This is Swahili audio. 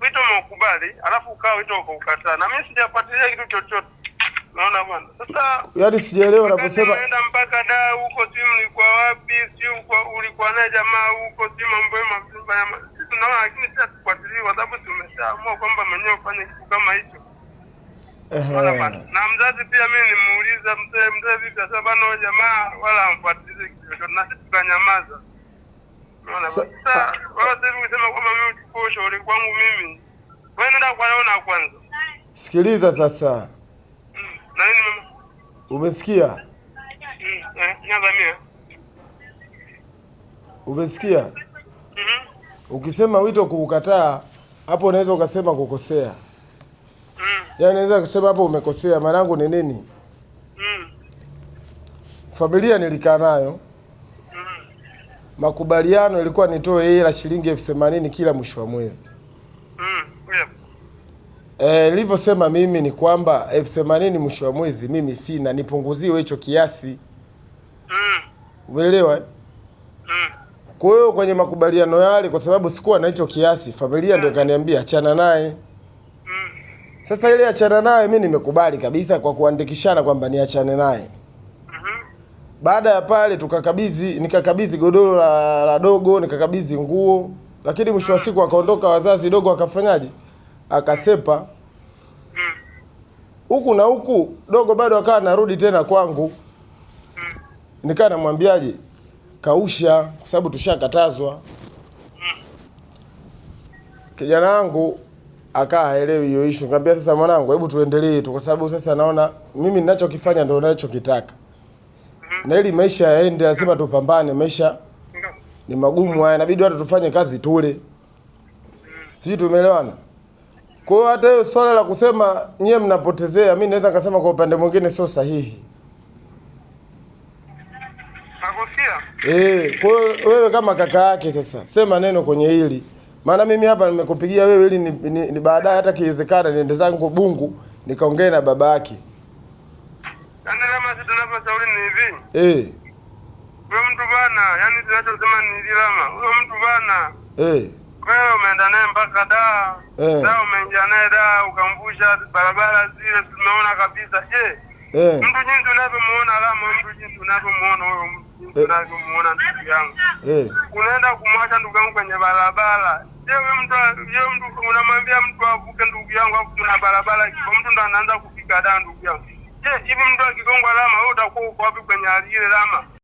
wito umeukubali, alafu ukawa wito ukaukataa, na mimi sijafuatilia kitu chochote. Naona bwana, sasa yaani sijaelewa unaposema nenda mpaka da huko, simu ulikuwa wapi? Si ulikuwa naye jamaa huko, si mambo ya ya tunaona, lakini sasa tufuatilie, kwa sababu tumeshaamua kwamba mwenyewe ufanye kitu kama hicho. Na mzazi pia mimi nimuuliza mzee, mzee vipi? Sasa bana jamaa wala amfuatilie kitu chochote, na sisi tukanyamaza. Unaona bwana kwangu mimi wewe nenda kwanza. Sikiliza sasa. Hmm. na nini umesikia? Hmm. Eh, umesikia? Mm, hmm Ukisema wito kuukataa hapo unaweza ukasema kukosea. Mm. Yaani unaweza kusema hapo umekosea. Maana yangu ni nini? Mm. Familia nilikaa nayo makubaliano ilikuwa nitoe hela shilingi elfu themanini kila mwisho wa mwezi mm, yeah. E, mimi ni kwamba elfu themanini mwisho wa mwezi mimi sina, nipunguzie hicho kiasi mm. Umeelewa? mm. Kwa hiyo kwenye makubaliano yale, kwa sababu sikuwa na hicho kiasi, familia ndio mm. ikaniambia achana naye. Mm. Sasa ile achana naye, mi nimekubali kabisa kwa kuandikishana kwamba niachane naye. Baada ya pale tukakabidhi, nikakabidhi godoro la, la dogo, nikakabidhi nguo, lakini mwisho wa siku akaondoka wazazi, dogo akafanyaje, akasepa huku na huku, dogo bado akawa narudi tena kwangu, nikaa namwambiaje, kausha, kwa sababu tushakatazwa. Kijana wangu akaa haelewi hiyo issue, nikamwambia sasa, mwanangu, hebu tuendelee tu, kwa sababu sasa naona mimi ninachokifanya ndio ninachokitaka na ili maisha yaende, lazima tupambane. Maisha ni magumu haya, inabidi watu tufanye kazi tule, sijui tumeelewana. Kwa hiyo hata hiyo swala la kusema nyie mnapotezea, mimi naweza nikasema kwa upande mwingine sio sahihi. Eh, kwa hiyo wewe kama kaka yake sasa, sema neno kwenye hili, maana mimi hapa nimekupigia wewe ili ni, ni, ni baadaye hata kiwezekana niende zangu Bungu nikaongee na baba yake. Yaani kama si tunavyoshauri ni hivi. Eh. Huyo mtu bana, yaani tunachosema ni hivi lama. Huyo mtu bana. Eh. Wewe umeenda naye mpaka da. Eh. Da umeingia naye da ukamvusha barabara zile tumeona kabisa. Je? Eh. Mtu jinsi unavyomuona lama, mtu jinsi unavyomuona huyo mtu eh. unavyomuona ndugu yangu. Eh. Unaenda kumwacha ndugu yangu kwenye barabara. Je, wewe mtu yeye mtu unamwambia mtu avuke ndugu yangu afu kuna barabara. Mtu ndo anaanza kufika da ndugu yangu. Je, hivi mtu akigongwa lama wewe utakuwa uko wapi kwenye hali ile lama?